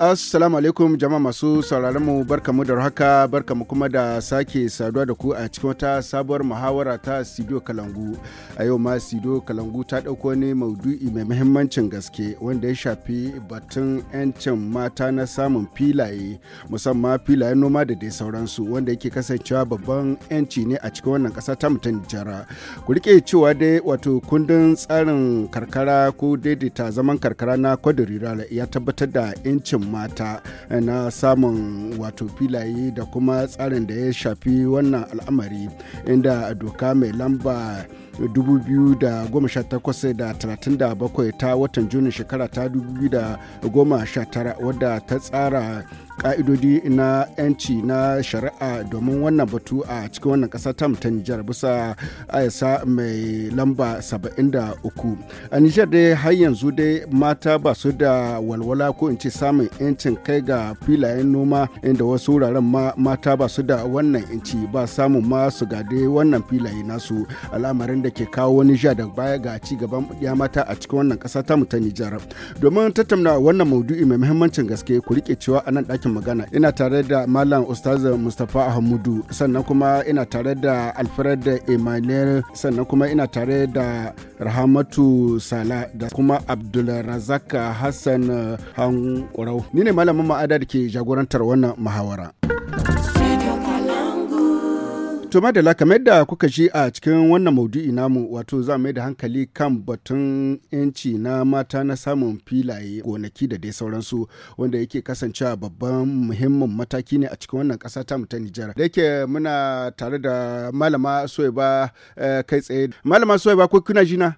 Assalamu alaikum jama'a masu sauraron mu mu da haka barka mu kuma da sake saduwa da ku a cikin wata sabuwar muhawara ta Sido Kalangu. A yau ma Sido Kalangu ta ɗauko ne maudu'i mai muhimmancin gaske wanda ya shafi batun 'yancin mata na samun filaye musamman filayen noma da dai sauransu wanda yake kasancewa babban 'yanci ne a cikin wannan ƙasa ta mutan jara. Ku rike cewa dai wato kundin tsarin karkara ko daidaita zaman karkara na kwadirira ya tabbatar da 'yancin mata na samun wato filaye da kuma tsarin da ya shafi wannan al'amari inda doka mai lamba 2018 ta watan juni shekara ta 2019 wadda ta tsara ka'idodi na 'yanci na shari'a domin wannan batu a cikin wannan kasa tam ta Nijar bisa ayasa mai lamba 73. A Nijar dai har yanzu dai mata ba su da walwala ko in ce samun 'yancin kai ga filayen noma inda wasu wuraren ma mata ba su da wannan 'yanci ba samun ma su gade wannan filaye nasu al'amarin da ke kawo wani Nijar da baya ga ci gaban ya mata a cikin wannan kasa ta ta Nijar. Domin tattauna wannan maudu'i mai muhimmancin gaske ku rike cewa a nan ɗakin ɗakin magana ina tare da malam ustaz mustapha ahmudu sannan kuma ina tare da alfred emmanuel sannan kuma ina tare da rahamatu sala da kuma abdulrazak hassan hankurau ni ne malamin ma'ada da ke jagorantar wannan muhawara. To madala kamar da kuka ji a cikin wannan maudu'i namu wato za mai da hankali kan batun yanci na mata na samun filaye gonaki da dai sauransu wanda yake kasancewa babban muhimmin mataki ne a cikin wannan kasa ta ta Nijar. Da yake muna tare da malama soyaba eh, kai tsaye. Malama soyaba ko kuna jina?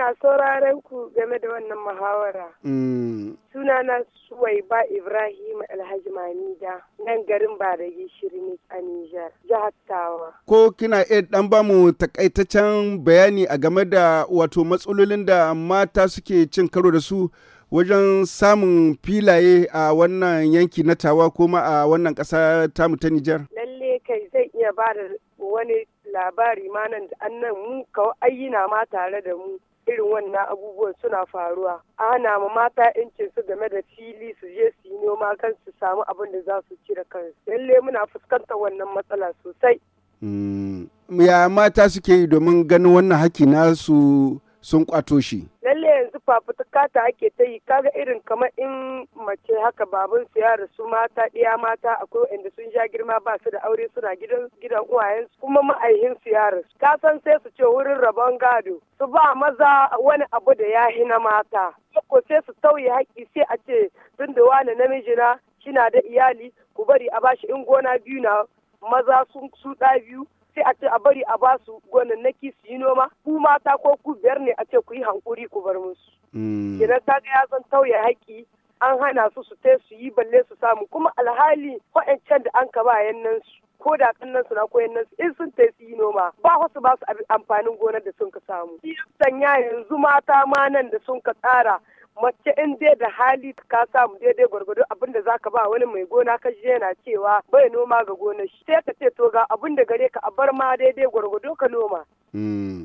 ina sauraren ku game da wannan muhawara. Mm. Sunana Suwaiba Ibrahim Alhaji Manida nan garin ba da gishiri a Nijar, jihar Tawa. Ko kina iya dan ba mu takaitaccen bayani a game da wato matsalolin da mata suke cin karo da su wajen samun filaye a wannan yanki na Tawa kuma a wannan ƙasa tamu ta Nijar? Lalle kai zai iya ba da wani labari ma nan da annan mun kawo ayyina ma tare da mu irin wannan abubuwan suna faruwa a hana ma mata yancin su game da fili su je su yi noma kan su samu abin da za su ci da kansu lalle muna fuskantar wannan matsala sosai mm, ya mata suke yi domin ganin wannan haki nasu sun kwato shi lalle fafutuka ta ake ta yi kaga irin kamar in mace haka baban su ya rasu mata ɗiya mata akwai wanda sun ja girma ba su da aure suna gidan gidan uwayen kuma ma'aihin su ya ka san sai su ce wurin rabon gado su ba maza wani abu da ya hina mata ko sai su tauye haƙƙi sai a ce tun da wani namiji na shina da iyali ku bari a bashi in gona biyu na maza sun su ɗa biyu sai a ce a bari a ba su gonannaki su yi noma ku mata ko ku biyar ne a ce ku yi hankuri ku bar musu idan mm. ta ga ya zan tauye haƙƙi an hana su su tai su yi balle su samu kuma alhali waɗancan da an ka ba yannan su ko da kannan su na koyan nan in sun ta su yi noma ba wasu ba su amfanin gonar da sun ka samu. Sanya yanzu mata ma nan da sun ka tsara mace in dai da hali ka samu daidai gwargwado abin da zaka ba wani mai gona ka je yana cewa bai noma ga gonar shi sai ka ce to ga abin da gare ka a bar ma daidai gwargwado ka noma hmm.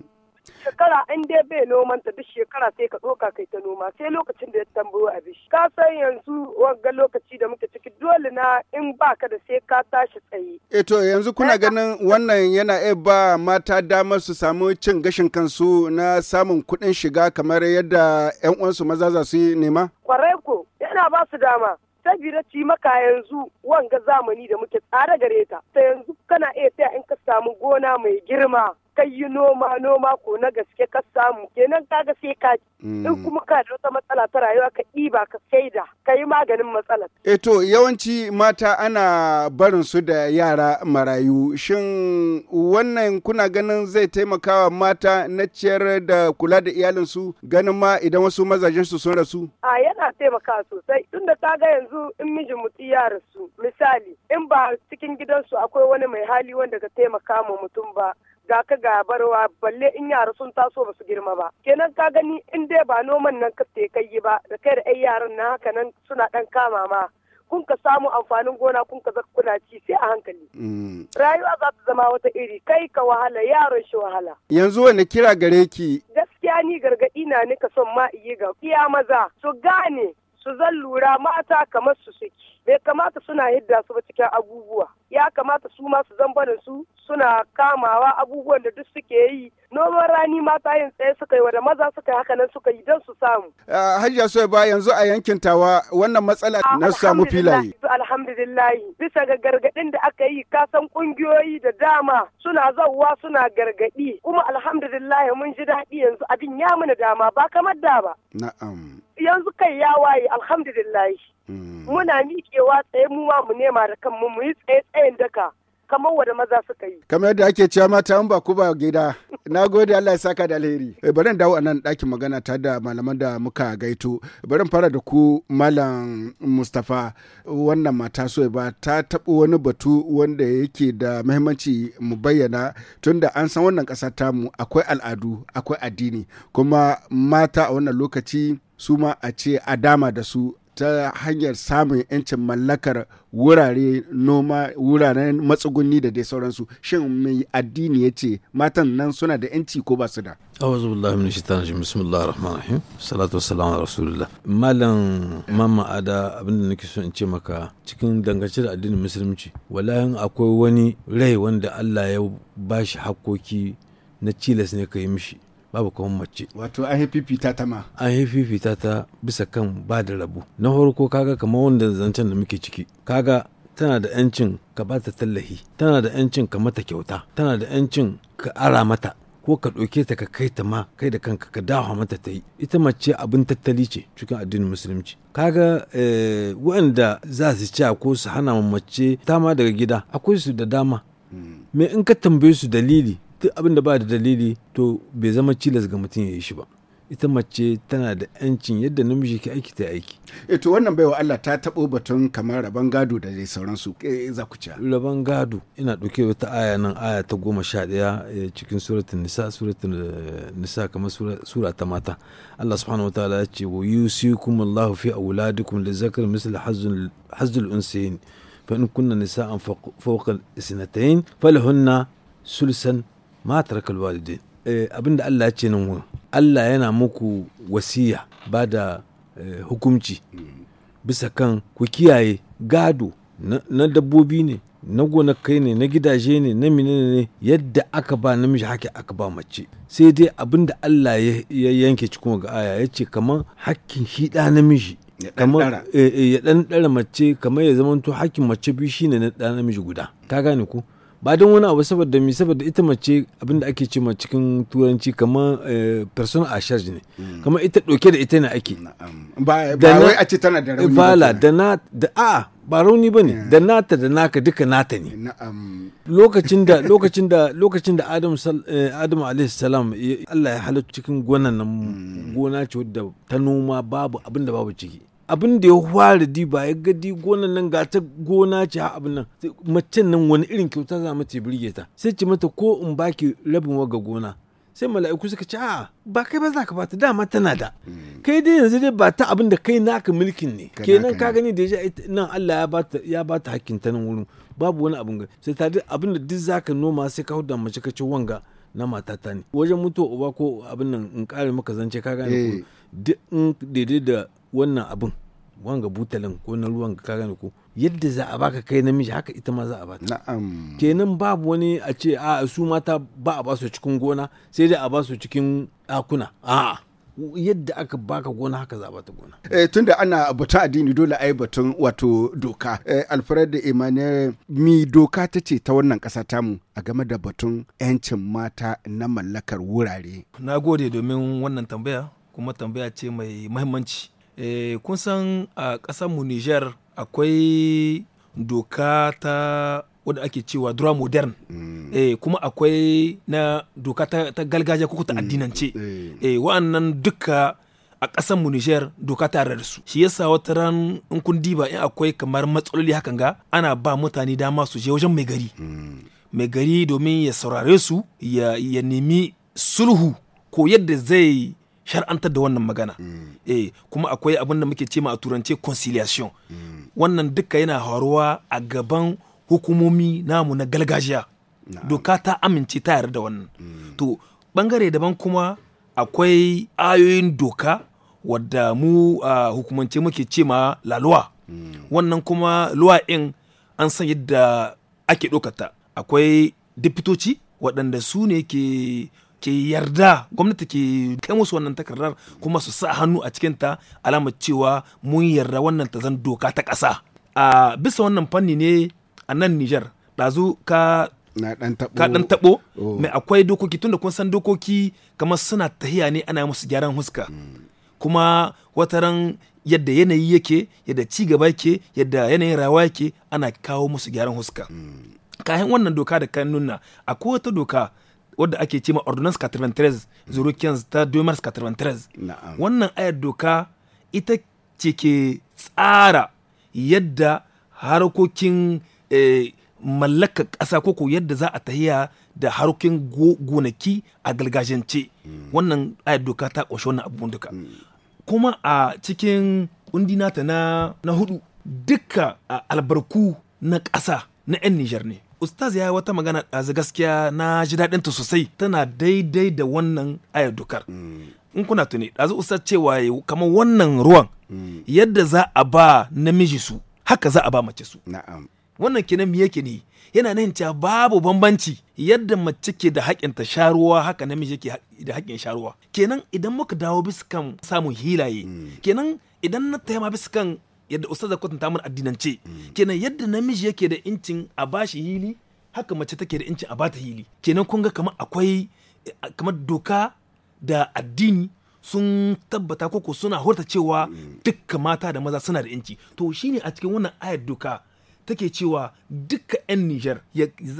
shekara in dai bai noman ta duk shekara sai ka tsoka kai ta noma sai lokacin da ya tambayo a bishi ka san yanzu wanga lokaci da muke ciki dole na in baka da sai ka tashi tsaye eh to yanzu kuna ganin wannan yana iya ba mata damar su samu cin gashin kansu na samun kuɗin shiga kamar yadda 'yan uwansu maza za su yi nema kwarai ko yana ba su dama sabida ci maka yanzu wanga zamani da muke tsara gare ta ta yanzu kana iya taya in ka samu gona mai girma kai yi noma noma ko na gaske ka samu kenan kaga sai ka mm. in kuma ka da wata matsala ta rayuwa ka ɗiba ka saida ka yi maganin matsala. E to yawanci mata ana barin su da yara marayu shin wannan kuna ganin zai taimakawa mata na ciyar da kula da iyalinsu ganin ma idan wasu mazajen su sun rasu. A yana taimakawa sosai tunda ta ga yanzu in mijin mutu ya su. misali in ba cikin gidansu akwai wani mai hali wanda ka taimaka ma mutum ba ga ka ga barwa balle in yara sun taso ba su girma ba kenan ka gani in dai ba noman nan ka kai ba da kai da ai yaran na haka nan suna ɗan kama ma kun ka samu amfanin gona kun ka kuna ci sai a hankali. Mm. Rayuwa za ta zama wata iri kai ka wahala yaron shi wahala. Yanzu wanda kira gare ki. Gaskiya ni gargaɗi na nika son ma iya ga iya maza su gane su zan lura mata kamar su suke. bai kamata suna hidda su ba cikin abubuwa ya kamata su masu zambanin su suna kamawa abubuwan da duk suke yi noman rani mata yin tsaye suka yi wa da maza suka yi hakanan suka yi don su samu. Hajiya Suwaiba yanzu a yankin tawa wannan matsala ah, na samu filaye. alhamdulillah bisa ga gargaɗin da aka yi kasan ƙungiyoyi da dama suna zauwa suna gargadi kuma alhamdulillah mun ji daɗi yanzu abin ya mana dama ba kamar da ba. Na'am. Yanzu kai ya waye alhamdulillah. Mm. muna miƙewa tsaye mu ma mu nema da kanmu mu yi tsaye tsayen daka kamar wanda maza suka yi. Kamar yadda ake cewa mata an ba ku ba gida. Na gode Allah ya saka da alheri. Eh, bari dawo a nan ɗakin magana ta da malaman da muka gaito. Bari fara da ku Malam Mustapha wannan mata so ba ta taɓa wani batu wanda yake da muhimmanci mu bayyana tunda an san wannan ƙasa mu akwai al'adu akwai addini kuma mata a wannan lokaci su ma a ce a dama da su ta hanyar samun 'yancin mallakar wurare noma wuraren matsuguni da dai sauransu shin mai addini ya ce matan nan suna da 'yanci ko ba su da أعوذ بالله من ta الرجيم بسم الله الرحمن الرحيم salatu wa على رسول الله مالن ماما أدا أبن so in ce maka cikin dangance da addinin musulunci wallahi akwai wani rai wanda Allah ya bashi hakkoki na cilas ne ka yi mishi babu kuma mace wato an fifita ta ma an fifita ta bisa kan ba da rabu na farko kaga kamar wanda zancen da muke ciki kaga tana da yancin ka ba ta tallahi tana da yancin ka mata kyauta tana da yancin ka ara mata ko ka ɗauke ta ka kai ta ma kai da kanka ka dawo mata ta yi ita mace abin tattali ce cikin addinin musulunci kaga eh, waɗanda za su ci ko su hana mace ta ma daga gida akwai su da dama hmm. me in ka tambaye su dalili duk abin da ba da dalili to bai zama cilas ga mutum ya yi shi ba ita mace tana da 'yancin yadda namiji ke aiki ta aiki. E to wannan baiwa Allah ta tabo batun kamar rabon gado da dai sauransu e, za ku ci. Rabon gado ina ɗauke wata aya nan aya ta goma sha ɗaya eh, cikin suratul nisa suratul nisa kamar sura ta mata. Allah subhanahu wataala ya ce wa yusikum Allah fi auladikum li zakar misal hazzul unsayn fa in kunna nisa'an fawqa isnatayn falahunna sulsan ma tarakal walidai eh, abinda Allah ya ce nan wurin Allah yana muku wasiya ba da eh, hukumci bisa kan ku kiyaye gado na dabbobi ne na gonakai ne na gidaje ne na menene ne yadda aka ba namiji haƙƙi aka ba mace sai dai abinda Allah ya yanke cikin ga aya ya ce kamar haƙƙin shi namiji eh, ya ɗan ɗara mace kamar ya zama to hakkin mace biyu shine na ɗa namiji guda ka gane ko ba don wani abu saboda mi saboda ita mace da ake ce cikin turanci kamar eh, person a charge ne mm. kamar ita ɗauke da ita ne ake ba wai a ce tana da rauni ba da na da a ba rauni ba ne eh. da nata da naka duka nata ne lokacin da lokacin da lokacin da adam eh, adam alayhi salam Allah ya halatta cikin gonan nan mm. gona ce wadda ta noma babu da babu ciki abin da ya hwara di ba ya gadi gonan nan ga ta gona ce ha abin nan macen nan wani irin kyauta za mata birge ta sai ce mata ko in baki rabin waga gona sai mala'iku suka ce a ba kai ba za ka bata dama tana da hmm. kai dai yanzu dai ba ta abin da kai naka mulkin ne kenan ka gani da ya nan Allah ya bata ya bata hakkin ta nan wurin babu wani abin sai ta abin da duk zaka noma sai ka huda mace ka ce wanga na matata ne wajen mutuwa uba ko abin nan in kare maka zance ka gani ko eh. in daidai da wannan abin wanga butalin ko na ruwan ka gane ko yadda za a baka kai namiji haka ita ma za a bata na'am kenan babu wani a ce a su mata ba a basu cikin gona sai dai a basu cikin ɗakuna a'a yadda aka baka gona haka za a bata gona. eh tunda ana batun addini dole a yi batun wato doka. eh Alfred Emmanuel mi doka ta ce ta wannan kasa tamu a game da batun 'yancin mata na mallakar wurare. Na gode domin wannan tambaya kuma tambaya ce mai mahimmanci. Eh, kun san a mu niger akwai doka ta wadda ake cewa dura modern mm. eh kuma akwai na doka ta, ta galgajiya ta mm. addinance eh. eh wa'annan duka a ƙasar mu Niger doka ta da su shi yasa wata ran in kun diba in akwai kamar matsaloli hakan ga ana ba mutane dama su je wajen mai gari mm. mai gari domin ya saurare su ya, ya nemi sulhu ko yadda zai shar'antar da wannan magana mm. eh kuma akwai abin da muke cema a turance conciliation mm. wannan duka yana haruwa a gaban hukumomi namu na galgajiya doka ta amince ta yarda da wannan mm. to bangare daban kuma akwai ayoyin doka wadda mu a hukumance muke cema la laluwa wannan kuma luwa in an san yadda ake ɗaukata akwai dipitoci waɗanda su ne ke ke yarda gwamnati ke kai musu wannan takardar kuma su sa hannu a cikinta alamar cewa mun yarda wannan ta zan doka ta ƙasa a bisa wannan fanni ne a nan Nijar ɗazu ka ka ɗan taɓo oh. mai akwai dokoki tunda kun san dokoki kamar suna tahiya ne ana musu gyaran huska hmm. kuma wataran yadda yanayi yake yadda ci gaba yake yadda yanayin rawa yake ana kawo musu gyaran huska hmm. kayan wannan doka da kan nuna akwai wata doka wadda ake cema ordinance 93 zurukiyan ta 93 wannan ayar doka ita ce ke tsara yadda harkokin eh, mallaka ƙasa koko yadda za a tahiya da harkokin gonaki a galgajance hmm. wannan ayar doka ta ƙunshi wannan abubuwan duka hmm. kuma a cikin kundinata na hudu duka albarku na ƙasa na 'yan nijar ne ustaz ya yi wata magana ɗazu gaskiya na ji daɗin ta sosai tana daidai da wannan ayar dukar in kuna tuni ɗazu ustaz cewa kamar wannan ruwan yadda za a ba namiji su haka za a ba mace su wannan kenan me yake ne yana nan cewa babu bambanci yadda mace ke da haƙin ta sharuwa haka namiji ke da haƙin sharuwa kenan idan muka dawo bisa kan samun hilaye mm. kenan idan na taima bisa kan yadda ustaz da kwatanta mun addinance kenan yadda namiji yake da incin a bashi hili haka mace take da incin a bata hili kenan kun ga kamar akwai eh, kamar doka da addini sun tabbata koko suna horta cewa dukkan mata da maza suna da inci to shine a cikin wannan ayar doka take cewa dukkan 'yan Nijar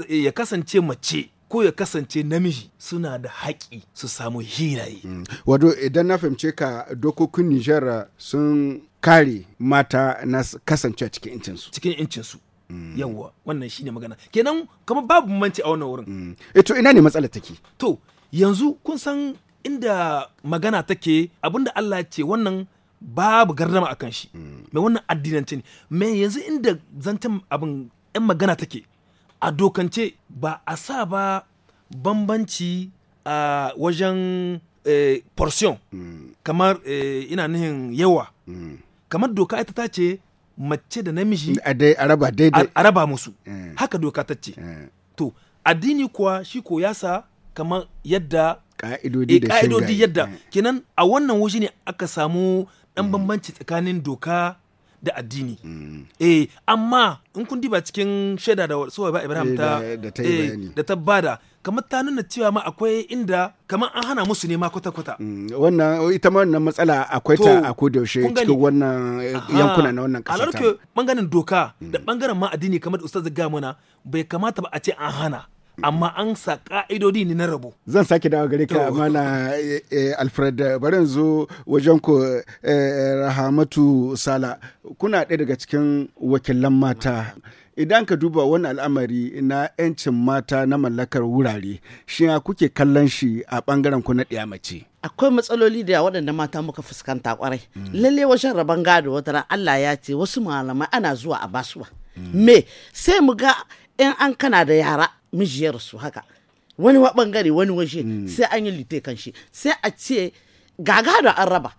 ya kasance mace ko ya kasance namiji suna da haƙi su samu hiraye. Mm. Wado idan na fahimce ka dokokin Nijar sun kare mata na kasancewa cikin incinsu cikin incinsu Mm. yawwa wannan shine magana kenan kamar babu manci a wannan wurin mm. eh, to ina ne matsalar take to yanzu kun san inda magana take abinda Allah ya ce wannan babu gardama akan shi mai mm. wannan addinance ne mai yanzu inda zantan abin yan magana take a dokance ba a sa ba bambanci a wajen eh, portion mm. kamar eh, ina nihin yawa kamar doka ita ta ce mace da namiji a raba daidai musu eh. haka doka ta ce eh. to addini kuwa shi ko ya sa kamar yadda ka'idodi eh, yadda kenan a wannan waje ne aka samu dan bambanci tsakanin doka da addini mm. eh amma in kun diba cikin shaida da suwa ba ibrahim eh, ta eh, da ta bada kamar ta nuna cewa ma akwai inda kamar an hana musu ne ma kwata-kwata mm, wannan ita ma wannan matsala akwai ta a kodayaushe cikin wannan eh, yankuna na wannan kasa ta bangaren doka da mm. bangaren ma addini kamar da ustaz ga bai kamata ba a ce an hana amma an sa ka'idodi ne na rabo zan sake dawo gare ka mana eh, eh, alfred bari yanzu wajen ku eh, rahamatu sala kuna ɗaya daga cikin wakilan mata idan ka duba wani al'amari na 'yancin mata na mallakar wurare shi ya kuke kallon shi a ɓangaren ku na mace. akwai matsaloli da waɗanda mata muka fuskanta kwarai lalle wajen rabon gado wata Allah ya ce wasu malamai ana zuwa a basuwa mm. me sai mu ga in an kana da yara mijiyarsu haka wani wa bangare wani waje mm. sai an yi lite kan shi sai a ce gaga da an raba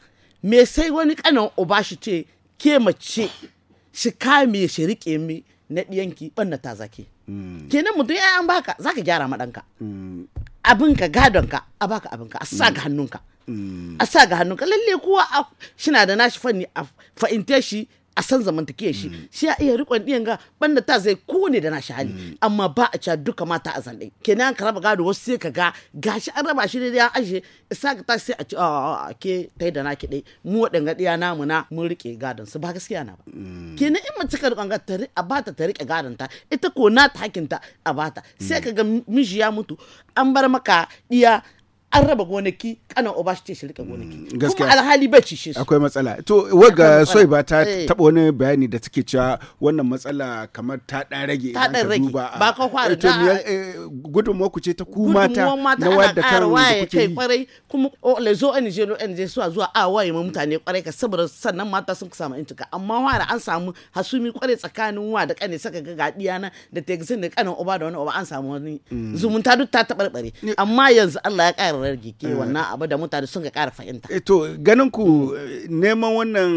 me sai wani kanan uba shi ce ke mace shi kame shi rike mi na diyanki banna ta zake mm. kenan mutum ya an baka zaka gyara madanka mm. abinka gadonka a baka abinka a sa ga hannunka a sa ga hannunka lalle kowa shina da nashi fanni a fa'inte shi a san zamantakiyar shi mm. shi a iya rikon ɗiyan ga banda ta zai kone da nashi hali mm. amma ba a ca duka mata a zanɗe kenan ka raba gado wasu sai ka ga gashi an raba shi da an ashe isa ka tashi sai a ci a ke ta yi da naki dai mu waɗanga ɗiya namu na mun riƙe gadon su ba gaskiya na ba mm. kenan in mace ka rikon gadon a bata ta riƙe gadon ta ita ko na ta hakinta a bata sai ka ga miji ya mutu an bar maka ɗiya an raba gonaki kanan uba shi ce shi rike gonaki mm, kuma alhali bai cishe su akwai matsala to waga soi ba ta eh. taba wani bayani da take cewa wannan matsala kamar ta dan rage ta dan rage ba ka fara eh, to eh, gudunmuwa ku ce ta kuma ta na wadda kan da kuke yi kwarai kuma oh, le zo an je an je suwa zuwa a waye mu mutane kwarai ka saboda sannan mata sun kusa in intuka amma wara an samu hasumi kwarai tsakanin wa da kane saka ga gadiya na da tegzin da kanan uba da wani uba an samu wani mm. zumunta duk ta tabarbare amma yanzu Allah ya kara rarrage wannan eh. abu da mutane sun ga kara fahimta. Eh, to ganin ku eh, neman wannan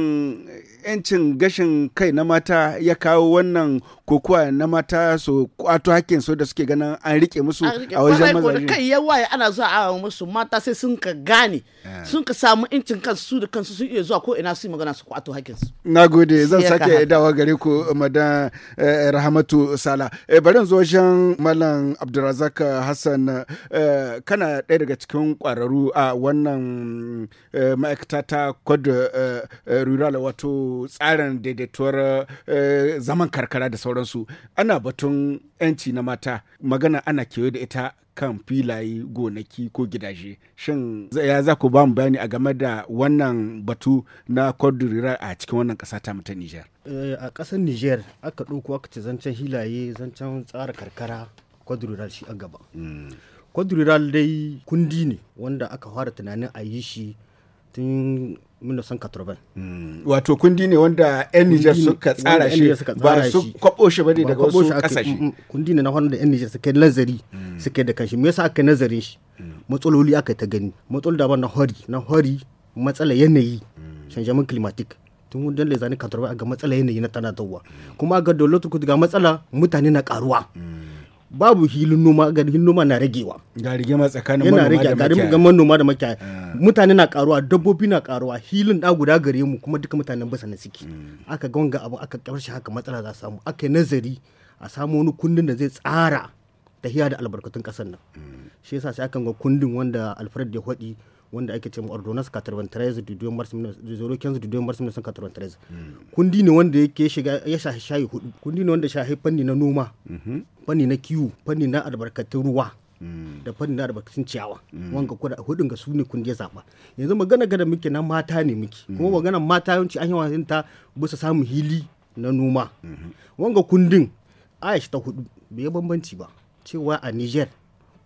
'yancin gashin kai na mata ya kawo wannan kokuwa na mata su kwato hakkin su da suke ganin an rike musu a wajen mazari kai ya waye ana zuwa awa musu mata sai sun ka gane eh. sun ka samu incin kansu su da kansu sun iya zuwa ko ina su magana su kwato hakkin su na gode zan sake dawa gare ku madan eh, rahmatu sala eh, bari zo wajen malam abdulrazak hassan kana ɗaya daga cikin kwararru a wannan ma'aikata ta code rural wato tsarin daidaituwar eh, zaman karkara da sauransu ana batun 'yanci na mata magana ana kewaye da ita kan filaye gonaki ko gidaje shin ya za ku ba mu bayani a game da wannan batu na kwadurira a cikin wannan ƙasa ta ta niger eh, a ƙasar nijar aka ɗauko aka ce zancen hilaye zancen tsara karkara kwadurira shi a gaba kwadurira hmm. dai kundi ne wanda aka fara tunanin a yi shi tun 1980 mm. wato kundi ne wanda 'yan Nijar suka tsara shi ba su kwabo shi ne daga wasu kasashe mm, mm, kundi ne na wanda 'yan Nijar suka nazari mm. suka da kanshi me yasa aka nazarin shi matsaloli aka ta gani matsaloli da na hori na hori matsala yanayi changement climatique tun wajen da zane 80 ga matsala yanayi na tana tawwa kuma ga dole ga matsala mutane na karuwa babu hilin noma ga hilin noma na ragewa ga rigima tsakanin manoma da makiyaya yana rage ga ah. manoma da makiyaya mutane na karuwa dabbobi na karuwa hilin da guda gare mu kuma duka mutanen basa na siki. Hmm. aka ga wanga abu aka karshe haka matsala za samu aka nazari a samu wani kundin da zai tsara tahiya da albarkatun kasar nan hmm. shi yasa sai aka ga kundin wanda Alfred ya hodi wanda ake cewa ordonance 93 da 2 mars 1915 du 2 mars 1993 hmm. kundi ne wanda yake shiga ya shahi shayi hudu kundi ne wanda shahi fanni na noma mm-hmm. fanni na kiwo fanni na albarkatun ruwa hmm. da fanni na albarkatun ciyawa hmm. wanga kuda hudun ga su ne kundi ya zaba yanzu magana gada muke na mata ne muke kuma magana mata yawanci an yi yawan ta bisa samun hili na noma wanga kundin aisha ta hudu bai bambanci ba cewa a niger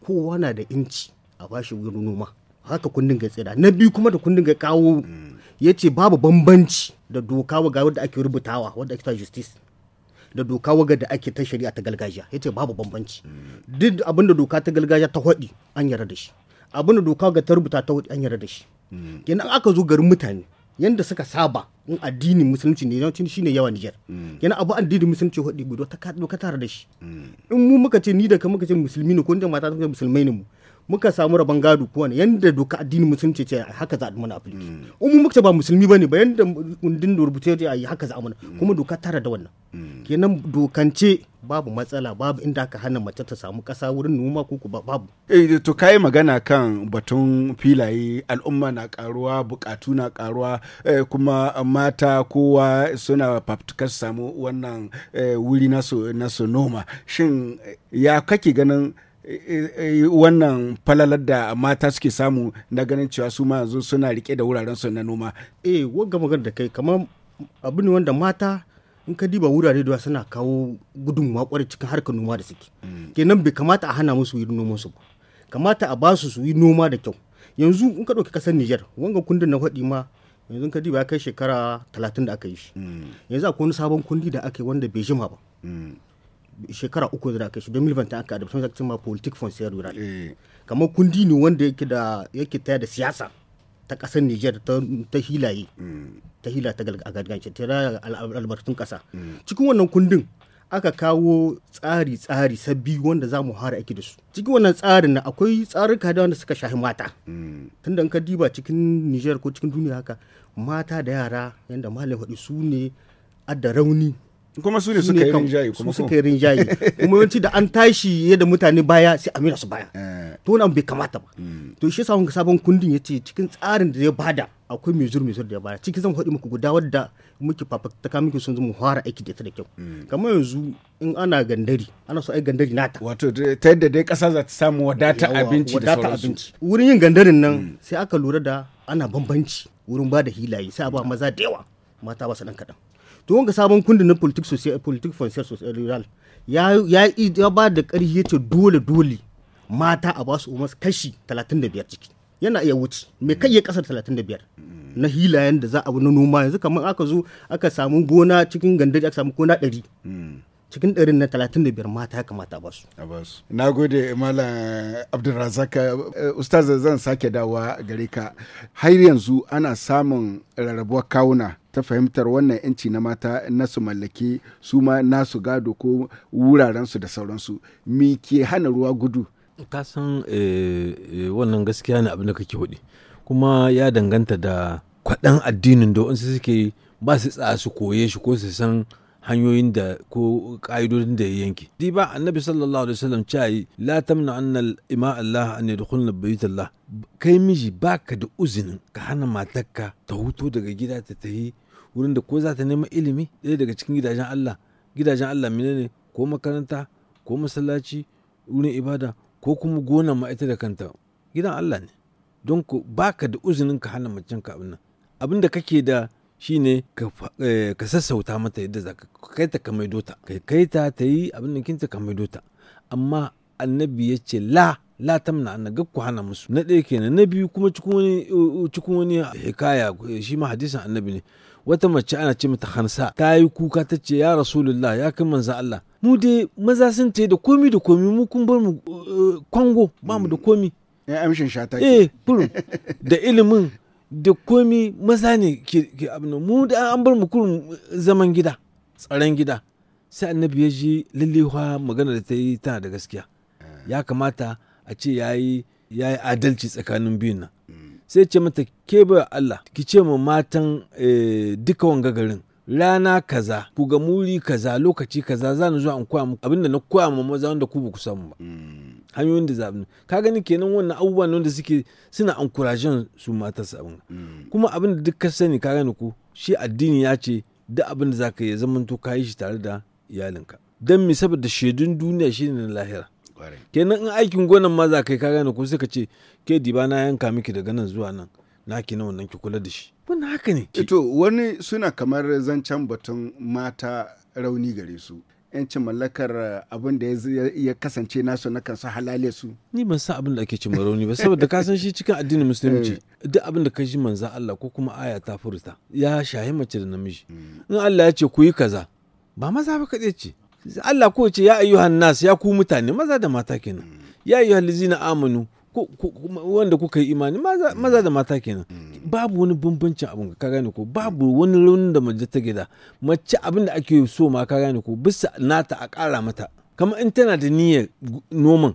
kowa na da inci a bashi wurin noma haka kundin ga tsira na biyu kuma da kundin ga kawo ya ce babu bambanci da doka waga wadda ake rubutawa wadda ake ta justice da doka waga da ake ta shari'a ta gargajiya ya ce babu bambanci duk abin da doka ta gargajiya ta hwaɗi an yarda da shi abin da doka waga ta rubuta ta hwaɗi an yarda da shi kenan aka zo garin mutane yanda suka saba in addinin musulunci ne yawancin shine yawa Niger yana abu addinin musulunci hudi gudu ta kaɗo ka tare da shi in mu muka ce ni da ka muka ce musulmi ne ko inda mata ta musulmai ne mu muka samu rabon gado ko wani yanda doka addini musulunci ce haka za a mana afirki in muka ba musulmi bane ba yanda kundin da rubuce ce ayi haka za a mana kuma doka tara da wannan kenan dokance babu matsala babu inda aka hana mace ta samu kasa wurin noma ko ku babu eh to kai magana kan batun filaye al'umma na karuwa bukatu na karuwa eh, kuma mata kowa suna fafutukar samu wannan eh, wuri na nasu noma shin ya kake ganin Eh, eh, wannan falalar da mata suke samu na ganin cewa su ma yanzu suna rike da wuraren su na noma eh wagga magana da kai kamar abu ne wanda mata in ka diba wurare da suna kawo gudun kwarai cikin harkar noma da suke mm. kenan bai kamata a hana musu yi noman su ba kamata a basu su yi noma da kyau yanzu in ka ɗauki kasar Nijar wanga kundin na faɗi ma yanzu ka diba ya kai shekara talatin da aka yi shi mm. yanzu akwai wani sabon kundi da aka yi wanda bai jima ba mm. shekara uku da aka shi 2020 aka adabta wani ma politik foncier rural eh. kamar kundi ne wanda yake da yake taya da siyasa ta kasar niger ta hilaye hmm. ta hila ta gargajiya ta raya albarkatun kasa hmm. cikin wannan kundin aka kawo tsari-tsari sabbi wanda za mu hara aiki da su cikin wannan tsarin na akwai tsarurruka da wanda suka shahi mata hmm. tunda in ka diba cikin niger ko cikin duniya haka mata da yara yadda malam faɗi su ne adda rauni kuma su ne suka yi rinjaye kuma su suka yi rinjaye kuma yawanci da an tashi yadda mutane baya sai a mira su baya eh. to wannan bai kamata ba hmm. to shi sabon sabon kundin yace cikin tsarin da ya bada akwai mezur mezur da ya bada cikin zan faɗi muku guda wadda muke fafataka muke sun zama fara aiki da ita da kyau hmm. kamar yanzu in ana gandari ana so ai gandari nata wato ta yadda dai kasa za ta samu wadata abinci da sauransu wurin yin gandarin nan hmm. sai aka lura da ana bambanci wurin ba da hilaye sai a ba maza da yawa mata ba su dan kaɗan to wanga sabon kundin na politik social politik foncier social rural ya ya ya ba da ƙarfi yace dole dole mata a ba su umar kashi 35 ciki yana iya wuce mai kai ya kasar 35 na hilayen da za a wani noma yanzu kamar aka zo aka samu gona cikin gandari aka samu gona 100 cikin ɗarin na 35 mata ya kamata ba su. Na gode Malam Abdulrazak eh, Ustaz zan sake dawa gare ka. Har yanzu ana samun rarrabuwar kawuna ta fahimtar wannan yanci na mata na su mallake su ma nasu gado ko wurarensu da sauransu mi ke hana ruwa gudu ka san eh, eh, wannan gaskiya ne abin da kake hudi kuma ya danganta da kwaɗan addinin da wasu suke ba su tsaya su koye shi ko su san hanyoyin da ko ƙa'idodin da ya yanke. Di ba annabi sallallahu alaihi wasallam cai la tamna anna ima Allah an yadkhulna bayt Allah. Kai miji baka da uzinin ka hana matarka ta huto daga gida ta tafi wurin da ko za ta nema ilimi ɗaya daga cikin gidajen Allah gidajen Allah ne ko makaranta ko masallaci wurin ibada ko kuma gona ma ita da kanta gidan Allah ne don ku baka da uzinin ka hana macen ka abin nan abin da kake da shine eh, ka sassauta mata yadda za ka kai ta ka maido ta kai kai ta ta yi abin da kinta ka maido ta amma annabi ya ce la la tamna na ga ku hana musu na ɗaya kenan na biyu kuma cikin wani hikaya shi ma hadisin annabi ne wata mace ana ce mata hansa ta yi kuka ta ce ya rasulullah ya kai manzan Allah mu dai maza sun ta da komi da komi mu kun bar mu eh, kwango ba mu da komi ya amshin shata eh da ilimin da komi maza ne ke abinu. mu da an bar mu kurin zaman gida tsaron gida sai annabi ya ji lallewa magana da ta yi tana da gaskiya ya kamata a ce ya yi adalci tsakanin biyun nan sai ce mata ke ba Allah ki ce ma matan e, duka wanga garin rana kaza ku ga muri kaza lokaci kaza za ni zuwa in koya muku abinda na koya mu maza wanda ku ba ku samu ba mm. hanyoyin da zaɓi ka gani kenan wannan abubuwan wanda suke suna ankurajen su mata sabon mm. kuma abin da duk ka sani ka gani ku shi addini ya ce duk abin da zaka yi zaman to ka yi shi tare da iyalinka dan mi saboda shaidun duniya shine na lahira kenan in aikin gonan ma za kai ka gane ko sai ka ce ke diba na yanka miki daga nan zuwa nan na ki nawa wannan ki kula da shi wannan haka ne eh to wani suna kamar zancen batun mata rauni gare su yancin mallakar abin da ya kasance nasu na kansu halale su. Ni ban san abin da ake cin rauni ba saboda ka san shi cikin addinin musulunci eh. duk abin da ka ji manzan Allah ko kuma aya ta furta ya shahi mace da namiji. Mm. In Allah ya ce ku yi kaza ba maza ba kaɗai ce Allah ko ce ya ayyuhan nas ya ku mutane maza da mata kenan ya ayyuhan lizina amanu wanda kuka yi imani maza da mata kenan babu wani bambancin abin ka gane ko babu wani launin da mace ta gida mace abin da ake so ma ka gane ko bisa nata a kara mata kamar in tana da niyyar noman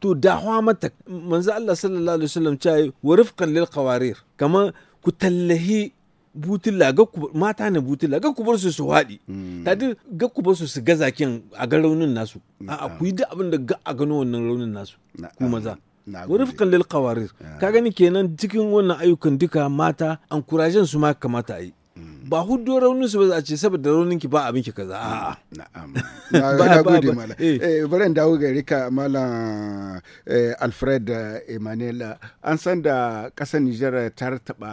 to da mata manzo Allah sallallahu alaihi wasallam cewa wa rifqan lil qawarir kamar ku tallahi butilla ga mata ne butilla ga kubar su su haɗi mm. tadi ga kubar su su gaza kin a ga raunin nasu a ku yi duk abin da ga a gano wannan raunin nasu ku maza wani fukan lil qawarir ka gani kenan cikin wannan ayyukan duka mata an kurajen su ma kamata a yi mm. ba hudu raunin su ba za a ce saboda raunin ki ba abin ki kaza a'a mm. na'am na gode mala eh. eh bari in dawo gare ka malam eh, alfred emmanuel eh, an san da kasar nijar ta taba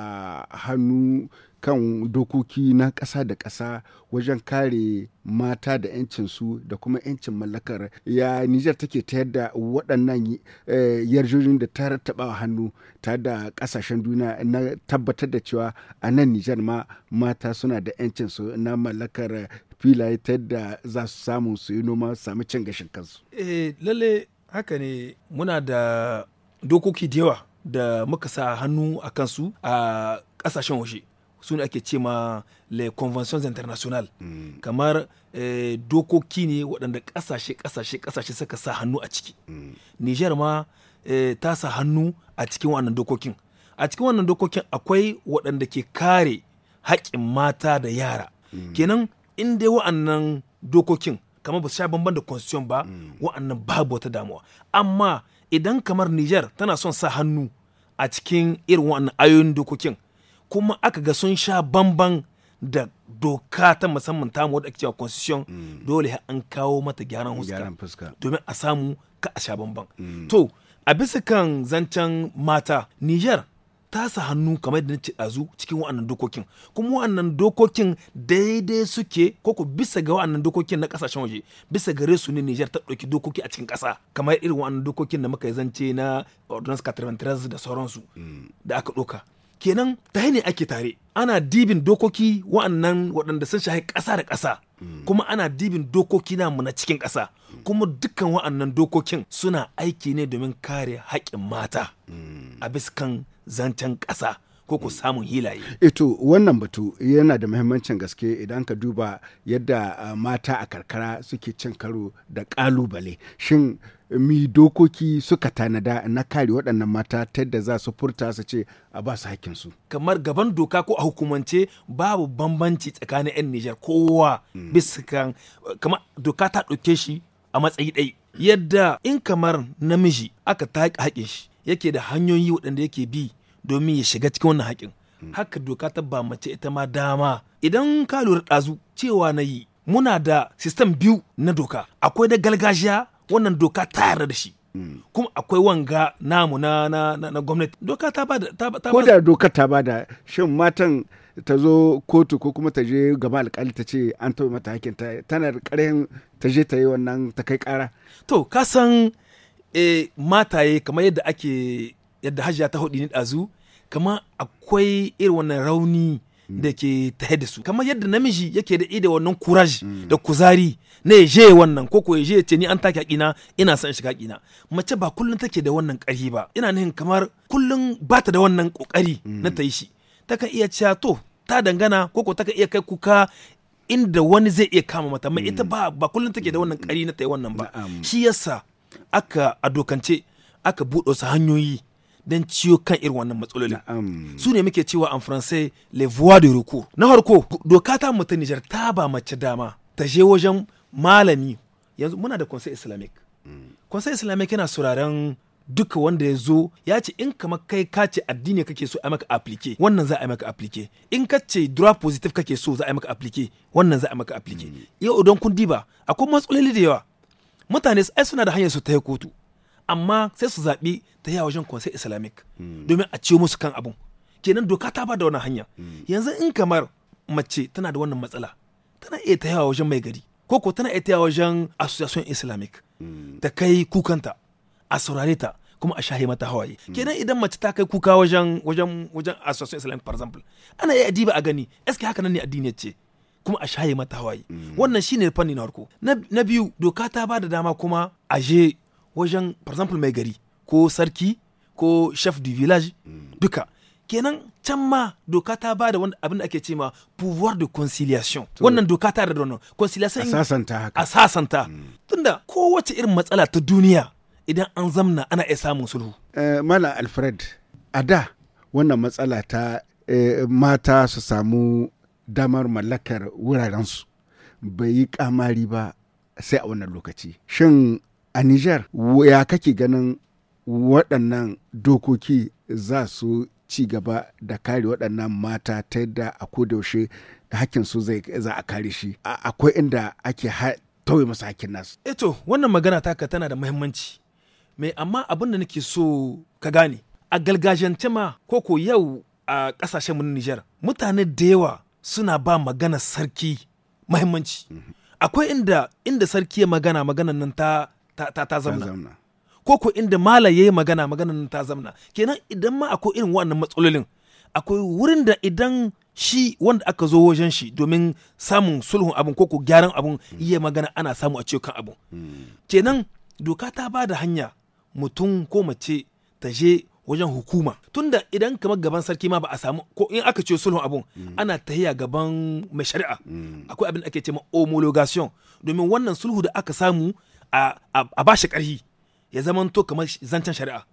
hannu kan dokoki na ƙasa da ƙasa wajen kare mata da 'yancinsu da kuma 'yancin mallakar ya Nijar take ta yadda waɗannan eh, yarjojin da ta taɓa hannu ta da ƙasashen duniya na tabbatar da cewa a nan Nijar ma mata suna da 'yancinsu na mallakar filaye ta yadda za su samu su yi noma sami cin gashin kansu. Eh, lalle haka ne muna da dokoki da yawa da muka sa hannu a kansu a ƙasashen waje. su ne ake ce ma le conventions international mm. kamar eh, dokoki ne waɗanda ƙasashe ƙasashe ƙasashe suka sa hannu a ciki mm. niger ma eh, ta sa hannu a cikin wannan dokokin a cikin wannan dokokin akwai waɗanda ke kare haƙƙin mata da yara mm. kenan in dai wa'annan dokokin kamar ba su sha bamban da constitution ba mm. wa'annan babu wata damuwa amma idan kamar niger tana son sa hannu a cikin irin wa'annan ayoyin dokokin kuma aka ga sun sha bamban da doka ta musamman ta wadda ake cewa constitution mm. dole an kawo mata gyaran huska domin a samu ka a sha bamban mm. to a bisa kan zancen mata niger ta sa hannu kamar da nace dazu cikin wa'annan dokokin kuma wa'annan dokokin daidai suke ko ku bisa ga wa'annan dokokin na kasashen waje bisa gare su ne Niger ta ɗauki dokoki a cikin ƙasa kamar irin wa'annan dokokin da muka zance na ordinance 93 da sauransu mm. da aka ɗauka kenan ta ne ake tare ana dibin dokoki wa'annan waɗanda sun shahi ƙasa da ƙasa kuma ana dibin dokoki namu na cikin ƙasa kuma dukkan wa'annan dokokin suna aiki ne domin kare haƙƙin mata a biskan zancen ƙasa ko ku samun hilaye. eto eh wannan batu yana da mahimmancin gaske idan ka duba yadda ah, mata a karkara suke cin karo da kalubale. Shin mi dokoki suka tanada na kare waɗannan mata ta yadda za su furta su ce a ba su hakinsu. Kamar gaban doka ko a hukumance babu bambanci tsakanin 'yan Nijar kowa mm. bisa kamar doka ta ɗauke shi a matsayi ɗai. Yadda in kamar namiji aka ta haƙƙin shi yake da hanyoyi waɗanda yake bi domin ya shiga cikin wannan haƙin. Mm. Haka doka ta ba mace ita ma dama. Idan ka lura ɗazu cewa na yi muna da sistem biyu na doka akwai da gargajiya wannan doka ta yarda da shi mm. kuma akwai wanga namu na gwamnati doka ta bada ta ko da doka ta bada shin matan ta zo kotu ko kuma ta je gaba alkali ta ce an taɓa mata hakin ta tana da ƙarfin ta je ta yi wannan ta kai ƙara to ka san eh, mataye kamar yadda ake yadda hajiya ta hudu ne ɗazu kamar akwai irin wannan rauni Mm. da ke tahe da su kamar yadda namiji yake da ida wannan courage da kuzari na ya je wannan ko ko ya je ce ni an take haƙina ina son shiga haƙina mace ba kullum take da wannan ƙarfi ba ina nihin kamar kullum ba ta da wannan ƙoƙari mm. na ta yi shi ta ka iya cewa to ta dangana ko ko ka iya kai kuka inda wani zai iya kama mata mai ita mm. ba ba kullum take da wannan ƙari na ta yi wannan ba shi yasa aka a dokance aka buɗe wasu hanyoyi don ciwo kan irin wannan matsalolin su ne muke cewa en français les voies de recours na farko doka ta mu ta ta ba mace dama ta je wajen malami yanzu muna da conseil islamic mm. conseil islamic yana sauraron duka wanda ya zo ya ce in kamar kai ka ce addini kake so a maka aplike wannan za a maka aplike in ka ce draft positif kake so za a maka aplike wannan za a maka aplike mm. yau don kun diba akwai matsaloli da yawa mutane ai suna da hanyar su ta kotu amma sai su zaɓi ta yawa wajen konsai islamic hmm. domin a ciyo musu kan abun kenan doka ta ba da wani hanya hmm. yanzu in kamar mace tana da wannan matsala tana iya ta yawa wajen mai gari ko ko tana iya ta yawa wajen association islamic hmm. ta kai kukanta a saurare ta kuma a shahe mata hawaye kenan idan mace ta kai kuka wajen wajen wajen association islamic for example ana iya adiba a gani eske haka nan ne addini ce kuma a shaye mata hawaye wannan shine fanni na farko na biyu doka ta ba da dama kuma a je wajen par exemple mai gari ko sarki ko chef du village mm. duka kenan can ma doka ta ba da abin da ake cema ma pouvoir de conciliation wannan doka ta da wannan conciliation a sasanta haka a sasanta mm. tunda kowace irin matsala ta duniya idan an zamna ana iya samun sulhu eh, mala alfred a da wannan matsala ta eh, mata su samu damar mallakar wurarensu bai yi kamari ba sai a wannan lokaci shin a Nijar ya kake ganin waɗannan dokoki za su ci gaba da kare waɗannan mata ta yadda a kodayaushe su zai za a kare shi akwai inda ake tauye masa hakkin nasu. Eto eh wannan magana taka tana da muhimmanci mai amma abin da nake so ka gane a galgajance ma koko yau a ƙasashen mu Nijar mutane da yawa suna ba magana sarki muhimmanci. Mm-hmm. Akwai inda inda sarki ya magana maganan nan ta ta zamna ko ko inda mala yayi magana magana nan ta zamna kenan idan ma akwai irin wannan matsalolin akwai wurin da idan shi wanda aka zo wajen shi domin samun sulhun abun ko ko gyaran abun iya magana ana samu a cikin abin kenan doka ta ba da hanya mutum ko mace ta je wajen hukuma tunda idan kamar gaban sarki ma ba a samu ko in aka ce sulhun abun ana tahiya gaban mai shari'a mm. akwai abin da ake ce ma homologation domin wannan sulhu da aka samu a ba shi ƙarhi ya zamanto kamar zancen shari'a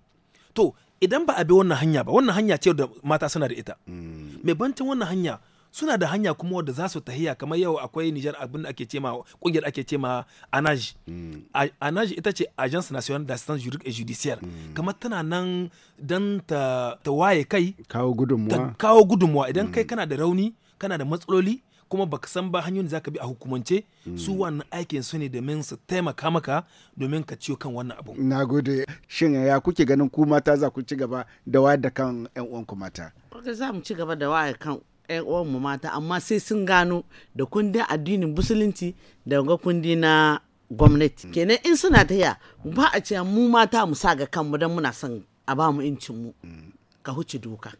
to idan ba a bi wannan hanya ba wannan hanya ce da mata suna da ita mm. mai bancin wannan hanya suna da hanya kuma wadda za su tahiya kamar yau akwai Nijar abin da ake cema kungiyar ake cema anaji mm. anaji ita ce Agence Nationale d'Assistance Juridique et Judiciaire mm. kamar tana nan dan ta, waye kai kawo gudunmuwa kawo gudunmuwa idan kai kana da rauni kana da matsaloli kuma baka san ba hanyoyin zaka bi a hukumance su hmm. wannan aikin su ne domin su taimaka maka domin ka ciyo kan wannan Na nagode shin ya kuke ganin ku mata za ku ci gaba da wayar da kan yan uwan ku mata za mu ci gaba da wayar kan yan uwan mu mata amma sai sun gano da kundin addinin musulunci da ga kundi na gwamnati hmm. kenan in suna taya ba a ce mu mata mu sa ga kanmu don muna son a ba mu incin mu hmm. ka huce doka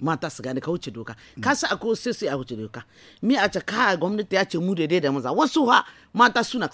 mata su gane ka wuce doka ka sa kowace sai su a wuce doka mi a ce ka gwamnati ya ce mu daidai da maza wasu ha mata suna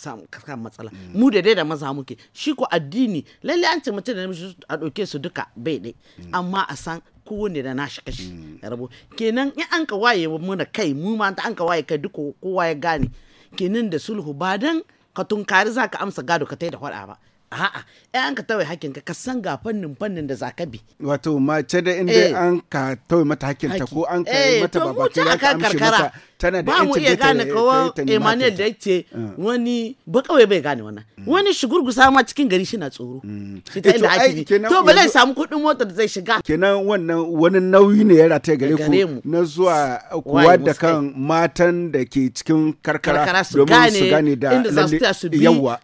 matsala mm. mu daidai da maza muke shi ko addini lalle an ce mace da namiji a doke su duka bai dai mm. amma a san kowanne da nashi kashi mm. rabo kenan in an ka waye muna kai mu ma an ka waye kai duk kowa ya gane kenan da sulhu ba dan ka tunkari za ka amsa gado ka tai da faɗa ba a'a an ka tawai hakkin ka san ga fannin fannin da zaka bi wato mace da inda eh. an ka tawai mata hakkin ta ko an ka eh, mata babatun ya ka amshi mata tana da ba mu iya gane kawo emmanuel da ce mm. wani ba kawai bai gane wannan mm. wani shigurgusa ma cikin gari shi na tsoro mm. shi ta eh, inda to ba zai samu kudin motar da zai shiga kenan wannan wani nauyi ne ya rataya gare ku na zuwa kuwa da kan matan da ke cikin karkara domin su gane da inda su ta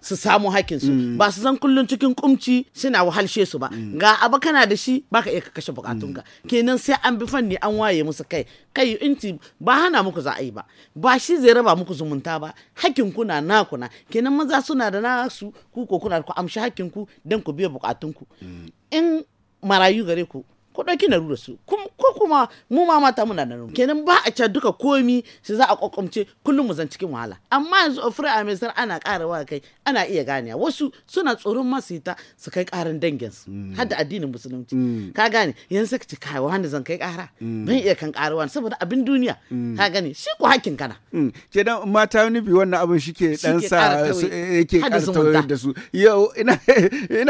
su samu hakkin su ba su san kullun cikin kumci suna wahalshe su ba ga aba kana da shi baka iya ka kashe bukatunka kenan sai an bi fanni an waye musu kai kai inti ba hana muku za a yi ba ba shi zai raba muku zumunta ba hakkin ku na naku na kenan maza suna da nasu ku ko kuna ku amshi hakkin ku dan ku biya bukatun ku mm. in marayu gare ku ku ki na rura su ko kuma mu ma mata muna na rura kenan ba a can duka komi su za a kwakwamce kullum mu zan cikin wahala amma yanzu ofira a ana ƙara wa kai ana iya gane wasu suna tsoron masu ta su kai ƙarin dangin su mm. hada addinin musulunci mm. ka gane yanzu ka ci kai wani zan kai ƙara mm. ban iya kan ƙara wani saboda abin duniya ka gane shi ko hakkin kana dan mata wani bi wannan abin ke dan sa eh, yake ƙara da su yau ina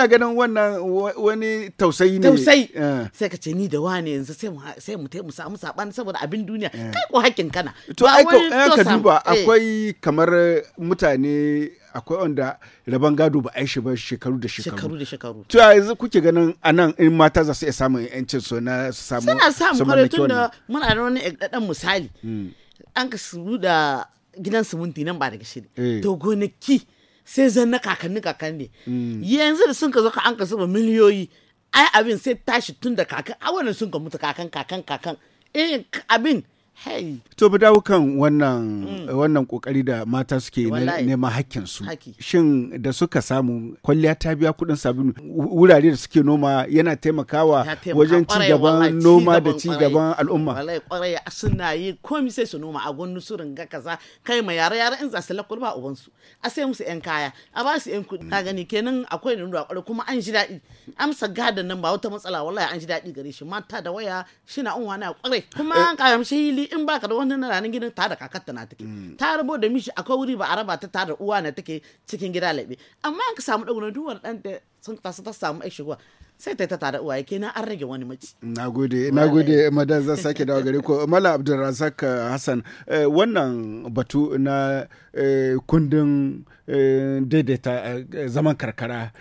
ganin wannan wani tausayi ne tausayi eh. sai aka ce ni da wane yanzu sai mu taimu samu sabani saboda abin duniya eh. kai ko hakkin kana to ai ko ka duba eh. akwai kamar mutane akwai wanda rabon gado ba aishi ba shekaru da shekaru shekaru da shekaru to yanzu kuke ganin anan in mata za su iya samun yancin su na su samu suna samu kwarai tun da muna da wani ɗan misali hmm. an ka su da gidan siminti nan ba daga shiri eh. to gonaki sai zan na kakanni kakanni hmm. yanzu da sun ka zo ka an ka zuba miliyoyi ai abin sai tashi tun da kakan a wannan sun mutu kakan kakan kakan eh abin Hey. To mu dawo kan wannan mm. wannan kokari da mata suke neman hakkin su. Shin da suka samu kwalliya ta biya kuɗin sabulu wurare da suke noma yana taimakawa wajen ci gaban noma da ci gaban al'umma. Wallahi kwarai suna yi komai sai su noma a gonnu su ringa kaza kai ma yare yare in za su lakul ba uban su. A sai musu yan kaya a ba su yan kudi ka gani kenan akwai nuna kwarai kuma an ji daɗi. Amsa gadan nan ba wata matsala wallahi an ji daɗi gare shi mata da waya shi na unwa na kwarai kuma eh, an karamci hili in baka da wannan ranar gidan ta da kakar na take mm. ta rabo da mishi akwai wuri ba a raba ta da uwa na take cikin gida laɓe amma in ka samu ɗaunar duwar ɗan da sun ta samu ai shigowa sai ta ta uwa uwaye kena an rage wani maci. Na gode, na gode madan zan sake dawo gare ku. Mala Abdulrazak eh, Hassan eh, wannan batu na eh, kundin daidaita zaman karkara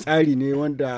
tsari ne wanda